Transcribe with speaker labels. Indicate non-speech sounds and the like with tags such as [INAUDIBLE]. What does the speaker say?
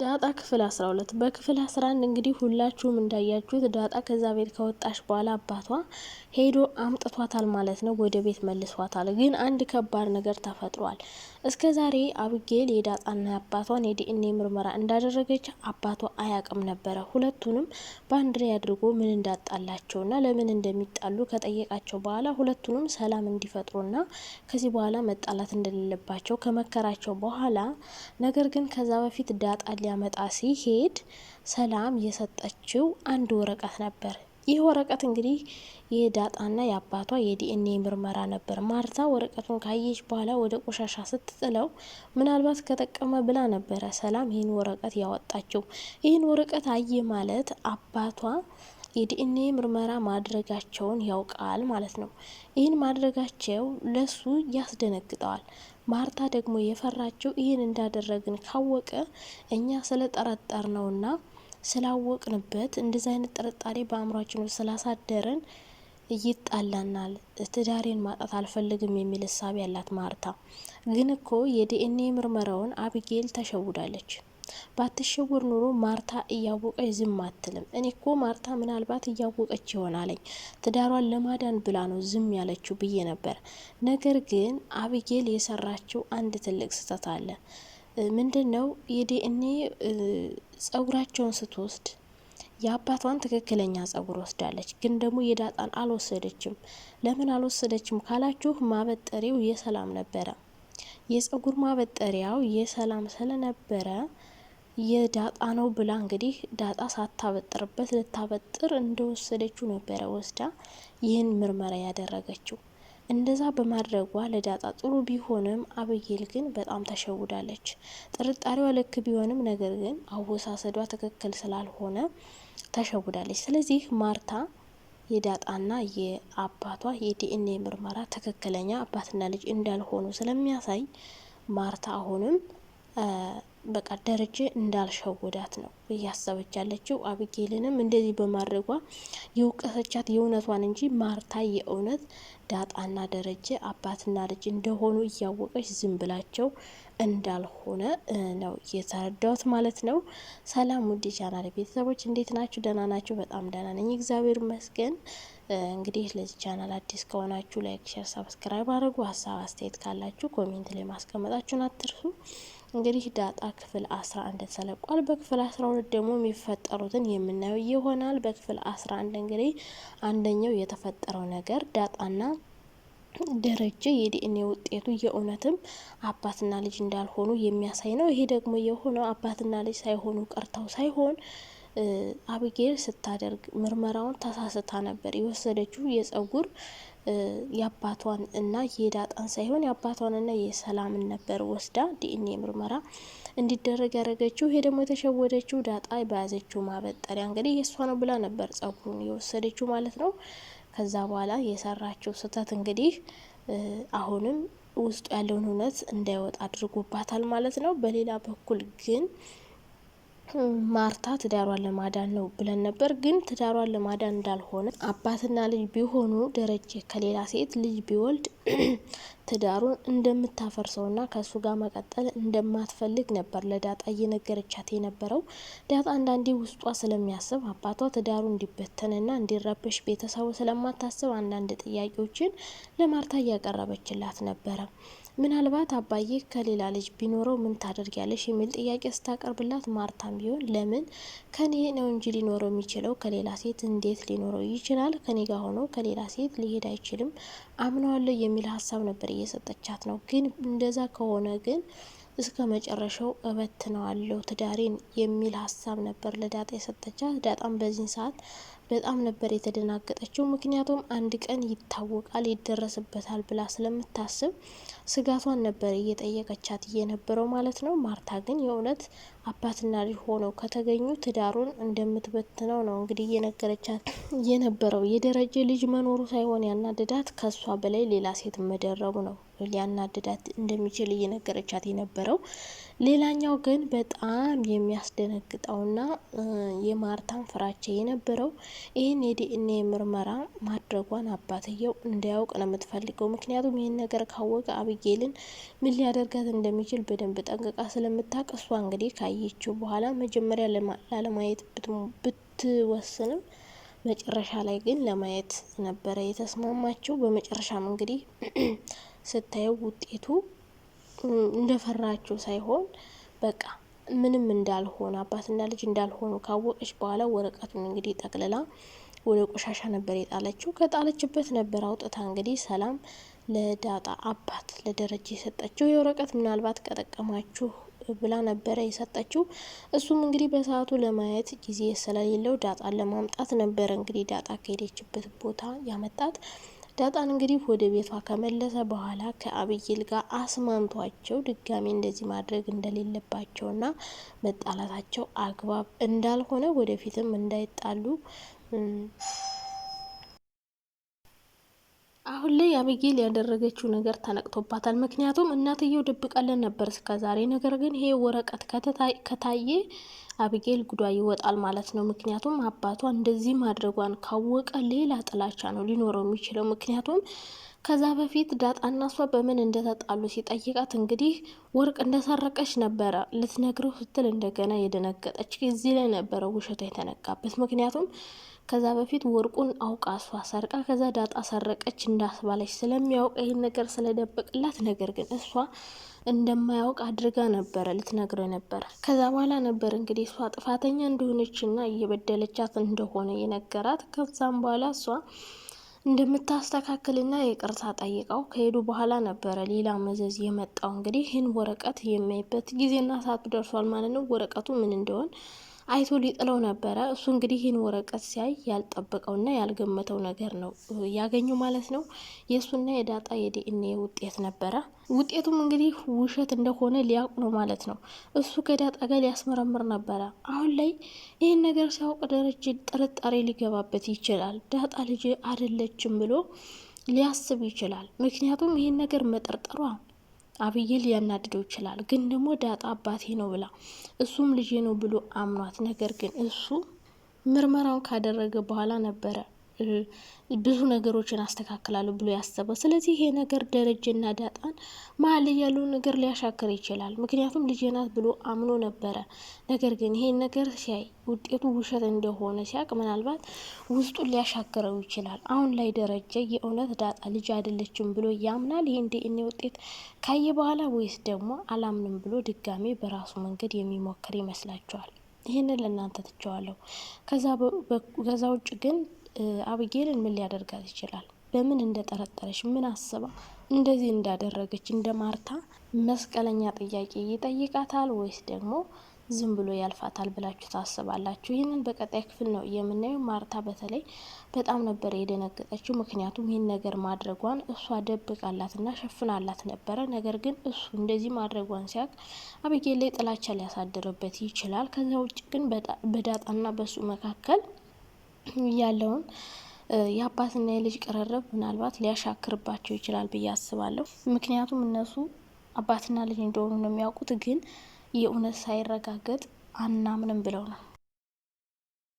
Speaker 1: ዳጣ ክፍል 12 በክፍል 11 እንግዲህ ሁላችሁም እንዳያችሁት ዳጣ ከዛ ቤት ከወጣች በኋላ አባቷ ሄዶ አምጥቷታል ማለት ነው። ወደ ቤት መልሷታል። ግን አንድ ከባድ ነገር ተፈጥሯል። እስከ ዛሬ አብጌል የዳጣና አባቷን የዲኤንኤ ምርመራ እንዳደረገች አባቷ አያቅም ነበረ። ሁለቱንም በአንድ ላይ አድርጎ ምን እንዳጣላቸውና ለምን እንደሚጣሉ ከጠየቃቸው በኋላ ሁለቱንም ሰላም እንዲፈጥሩና ከዚህ በኋላ መጣላት እንደሌለባቸው ከመከራቸው በኋላ ነገር ግን ከዛ በፊት ዳጣ ሊያመጣ ሲሄድ ሰላም የሰጠችው አንድ ወረቀት ነበር። ይህ ወረቀት እንግዲህ የዳጣና የአባቷ የዲኤንኤ ምርመራ ነበር። ማርታ ወረቀቱን ካየች በኋላ ወደ ቆሻሻ ስትጥለው ምናልባት ከጠቀመ ብላ ነበረ ሰላም ይህን ወረቀት ያወጣችው። ይህን ወረቀት አየ ማለት አባቷ የዲኤንኤ ምርመራ ማድረጋቸውን ያውቃል ማለት ነው። ይህን ማድረጋቸው ለሱ ያስደነግጠዋል። ማርታ ደግሞ የፈራቸው ይህን እንዳደረግን ካወቀ እኛ ስለጠረጠር ነውና ስላወቅንበት እንደዚህ አይነት ጥርጣሬ በአእምሯችን ውስጥ ስላሳደርን ይጣላናል፣ ትዳሬን ማጣት አልፈልግም የሚል እሳቤ ያላት ማርታ ግን እኮ የዲኤንኤ ምርመራውን አብጌል ተሸውዳለች። ባትሸውር ኑሮ ማርታ እያወቀች ዝም አትልም። እኔ እኮ ማርታ ምናልባት እያወቀች ይሆናለኝ ትዳሯን ለማዳን ብላ ነው ዝም ያለችው ብዬ ነበር። ነገር ግን አብጌል የሰራችው አንድ ትልቅ ስህተት አለ። ምንድን ነው የዲኤንኤ ጸጉራቸውን ስትወስድ የአባቷን ትክክለኛ ጸጉር ወስዳለች፣ ግን ደግሞ የዳጣን አልወሰደችም። ለምን አልወሰደችም ካላችሁ ማበጠሪያው የሰላም ነበረ። የጸጉር ማበጠሪያው የሰላም ስለነበረ የዳጣ ነው ብላ እንግዲህ ዳጣ ሳታበጥርበት ልታበጥር እንደወሰደችው ነበረ ወስዳ ይህን ምርመራ ያደረገችው። እንደዛ በማድረጓ ለዳጣ ጥሩ ቢሆንም አበጌል ግን በጣም ተሸውዳለች። ጥርጣሬዋ ልክ ቢሆንም ነገር ግን አወሳሰዷ ትክክል ስላልሆነ ተሸውዳለች። ስለዚህ ማርታ የዳጣና የአባቷ የዲኤንኤ ምርመራ ትክክለኛ አባትና ልጅ እንዳልሆኑ ስለሚያሳይ ማርታ አሁንም በቃ ደረጀ እንዳልሸወዳት ነው እያሰበች ያለችው። አብጌልንም እንደዚህ በማድረጓ የውቀሰቻት የእውነቷን እንጂ ማርታ የእውነት ዳጣና ደረጀ አባትና ልጅ እንደሆኑ እያወቀች ዝም ብላቸው እንዳልሆነ ነው የተረዳሁት ማለት ነው። ሰላም ውድ ቻናል ቤተሰቦች እንዴት ናችሁ? ደህና ናችሁ? በጣም ደህና ነኝ እግዚአብሔር ይመስገን። እንግዲህ ለዚህ ቻናል አዲስ ከሆናችሁ ላይክ፣ ሸር፣ ሰብስክራይብ አድርጉ። ሀሳብ አስተያየት ካላችሁ ኮሜንት ላይ ማስቀመጣችሁን አትርሱ። እንግዲህ ዳጣ ክፍል አስራ አንድ ተለቋል። በክፍል ሁለት ደግሞ የሚፈጠሩትን የምናየው ይሆናል። በክፍል አንድ እንግዲህ አንደኛው የተፈጠረው ነገር ዳጣና ደረጀ የዲኤንኤ ውጤቱ የእውነትም አባትና ልጅ እንዳልሆኑ የሚያሳይ ነው። ይሄ ደግሞ የሆነው አባትና ልጅ ሳይሆኑ ቀርተው ሳይሆን አብጌል ስታደርግ ምርመራውን ተሳስታ ነበር። የወሰደችው የጸጉር የአባቷን እና የዳጣን ሳይሆን የአባቷን እና የሰላምን ነበር ወስዳ ዲኤንኤ ምርመራ እንዲደረግ ያደረገችው። ይሄ ደግሞ የተሸወደችው ዳጣ በያዘችው ማበጠሪያ እንግዲህ የእሷ ነው ብላ ነበር ጸጉሩን የወሰደችው ማለት ነው። ከዛ በኋላ የሰራችው ስህተት እንግዲህ አሁንም ውስጡ ያለውን እውነት እንዳይወጣ አድርጎባታል ማለት ነው። በሌላ በኩል ግን ማርታ ትዳሯን ለማዳን ነው ብለን ነበር። ግን ትዳሯን ለማዳን እንዳልሆነ አባትና ልጅ ቢሆኑ ደረጀ ከሌላ ሴት ልጅ ቢወልድ [CLEARS THROAT] ትዳሩን እንደምታፈርሰውና ከእሱ ጋር መቀጠል እንደማትፈልግ ነበር ለዳጣ እየነገረቻት የነበረው። ዳጣ አንዳንዴ ውስጧ ስለሚያስብ አባቷ ትዳሩ እንዲበተንና እንዲረበሽ ቤተሰቡ ስለማታስብ አንዳንድ ጥያቄዎችን ለማርታ እያቀረበችላት ነበረ። ምናልባት አባዬ ከሌላ ልጅ ቢኖረው ምን ታደርጊያለሽ የሚል ጥያቄ ስታቀርብላት ማርታም ቢሆን ለምን ከኔ ነው እንጂ ሊኖረው የሚችለው ከሌላ ሴት እንዴት ሊኖረው ይችላል? ከኔ ጋር ሆኖ ከሌላ ሴት ሊሄድ አይችልም፣ አምነዋለሁ የሚል ሀሳብ ነበር እየሰጠቻት ነው። ግን እንደዛ ከሆነ ግን እስከ መጨረሻው እበትነዋለሁ ትዳሬን የሚል ሀሳብ ነበር ለዳጣ የሰጠቻት። ዳጣም በዚህ ሰዓት በጣም ነበር የተደናገጠችው። ምክንያቱም አንድ ቀን ይታወቃል ይደረስበታል ብላ ስለምታስብ ስጋቷን ነበር እየጠየቀቻት እየነበረው ማለት ነው። ማርታ ግን የእውነት አባትና ልጅ ሆነው ከተገኙ ትዳሩን እንደምትበትነው ነው እንግዲህ እየነገረቻት የነበረው። የደረጀ ልጅ መኖሩ ሳይሆን ያናደዳት ከሷ በላይ ሌላ ሴት መደረቡ ነው። ሊያናድዳት እንደሚችል እየነገረቻት የነበረው። ሌላኛው ግን በጣም የሚያስደነግጠውና የማርታን ፍራቻ የነበረው ይህን የዲኤንኤ ምርመራ ማድረጓን አባትየው እንዳያውቅ ነው የምትፈልገው። ምክንያቱም ይህን ነገር ካወቀ አብጌልን ምን ሊያደርጋት እንደሚችል በደንብ ጠንቅቃ ስለምታውቅ እሷ እንግዲህ ካየችው በኋላ መጀመሪያ ላለማየት ብትወስንም መጨረሻ ላይ ግን ለማየት ነበረ የተስማማቸው። በመጨረሻም እንግዲህ [CLEARS THROAT] ስታየው ውጤቱ እንደፈራችው ሳይሆን በቃ ምንም እንዳልሆነ አባትና ልጅ እንዳልሆኑ ካወቀች በኋላ ወረቀቱን እንግዲህ ጠቅልላ ወደ ቆሻሻ ነበር የጣለችው። ከጣለችበት ነበር አውጥታ እንግዲህ ሰላም ለዳጣ አባት ለደረጀ የሰጠችው የወረቀት ምናልባት ከጠቀማችሁ ብላ ነበረ የሰጠችው። እሱም እንግዲህ በሰዓቱ ለማየት ጊዜ ስለሌለው ዳጣን ለማምጣት ነበረ እንግዲህ ዳጣ ከሄደችበት ቦታ ያመጣት። ዳጣን እንግዲህ ወደ ቤቷ ከመለሰ በኋላ ከአብይል ጋር አስማምቷቸው ድጋሚ እንደዚህ ማድረግ እንደሌለባቸውና መጣላታቸው አግባብ እንዳልሆነ ወደፊትም እንዳይጣሉ አሁን ላይ አቢጌል ያደረገችው ነገር ተነቅቶባታል። ምክንያቱም እናትየው ደብቃለን ነበር እስከዛሬ። ነገር ግን ይሄ ወረቀት ከታየ አቢጌል ጉዷ ይወጣል ማለት ነው። ምክንያቱም አባቷ እንደዚህ ማድረጓን ካወቀ ሌላ ጥላቻ ነው ሊኖረው የሚችለው። ምክንያቱም ከዛ በፊት ዳጣና ሷ በምን እንደተጣሉ ሲጠይቃት እንግዲህ ወርቅ እንደሰረቀች ነበረ ልትነግረው ስትል እንደገና የደነገጠች እዚህ ላይ ነበረ ውሸቷ የተነጋበት ምክንያቱም ከዛ በፊት ወርቁን አውቃ እሷ ሰርቃ ከዛ ዳጣ ሰረቀች እንዳስባለች ስለሚያውቅ ይህን ነገር ስለደበቅላት፣ ነገር ግን እሷ እንደማያውቅ አድርጋ ነበረ ልትነግረው ነበረ። ከዛ በኋላ ነበር እንግዲህ እሷ ጥፋተኛ እንደሆነችና እየበደለቻት እንደሆነ የነገራት። ከዛም በኋላ እሷ እንደምታስተካክልና ይቅርታ ጠይቀው ከሄዱ በኋላ ነበረ ሌላ መዘዝ የመጣው። እንግዲህ ይህን ወረቀት የሚያይበት ጊዜና ሰዓቱ ደርሷል ማለት ነው። ወረቀቱ ምን እንደሆን አይቶ ሊጥለው ነበረ። እሱ እንግዲህ ይህን ወረቀት ሲያይ ያልጠበቀውና ያልገመተው ነገር ነው ያገኘው ማለት ነው። የእሱና የዳጣ የዲኤንኤ ውጤት ነበረ። ውጤቱም እንግዲህ ውሸት እንደሆነ ሊያውቅ ነው ማለት ነው። እሱ ከዳጣ ጋር ሊያስመረምር ነበረ። አሁን ላይ ይህን ነገር ሲያውቅ ደረጀ ጥርጣሬ ሊገባበት ይችላል። ዳጣ ልጅ አይደለችም ብሎ ሊያስብ ይችላል። ምክንያቱም ይህን ነገር መጠርጠሯ አብዬ ሊያናድደው ይችላል። ግን ደግሞ ዳጣ አባቴ ነው ብላ እሱም ልጄ ነው ብሎ አምኗት፣ ነገር ግን እሱ ምርመራውን ካደረገ በኋላ ነበረ ብዙ ነገሮችን አስተካክላሉ ብሎ ያሰበው። ስለዚህ ይሄ ነገር ደረጀና ዳጣን መሀል ላይ ነገር ሊያሻክር ይችላል። ምክንያቱም ልጄ ናት ብሎ አምኖ ነበረ። ነገር ግን ይሄን ነገር ሲያይ ውጤቱ ውሸት እንደሆነ ሲያቅ ምናልባት ውስጡን ሊያሻክረው ይችላል። አሁን ላይ ደረጀ የእውነት ዳጣ ልጅ አይደለችም ብሎ ያምናል። ይህ እንደ እኔ ውጤት ካየ በኋላ ወይስ ደግሞ አላምንም ብሎ ድጋሜ በራሱ መንገድ የሚሞክር ይመስላችኋል? ይህንን ለእናንተ ትቸዋለሁ። ከዛ ውጭ ግን አብጌልን ምን ሊያደርጋት ይችላል? በምን እንደጠረጠረች ምን አስባ እንደዚህ እንዳደረገች እንደ ማርታ መስቀለኛ ጥያቄ ይጠይቃታል ወይስ ደግሞ ዝም ብሎ ያልፋታል ብላችሁ ታስባላችሁ? ይህንን በቀጣይ ክፍል ነው የምናየው። ማርታ በተለይ በጣም ነበር የደነገጠችው። ምክንያቱም ይህን ነገር ማድረጓን እሷ ደብቃላትና ሸፍናላት ነበረ። ነገር ግን እሱ እንደዚህ ማድረጓን ሲያቅ አብጌል ላይ ጥላቻ ሊያሳድርበት ይችላል። ከዚያ ውጭ ግን በዳጣና በሱ መካከል ያለውን የአባትና የልጅ ቅርርብ ምናልባት ሊያሻክርባቸው ይችላል ብዬ አስባለሁ። ምክንያቱም እነሱ አባትና ልጅ እንደሆኑ ነው የሚያውቁት፣ ግን የእውነት ሳይረጋገጥ አናምንም ብለው ነው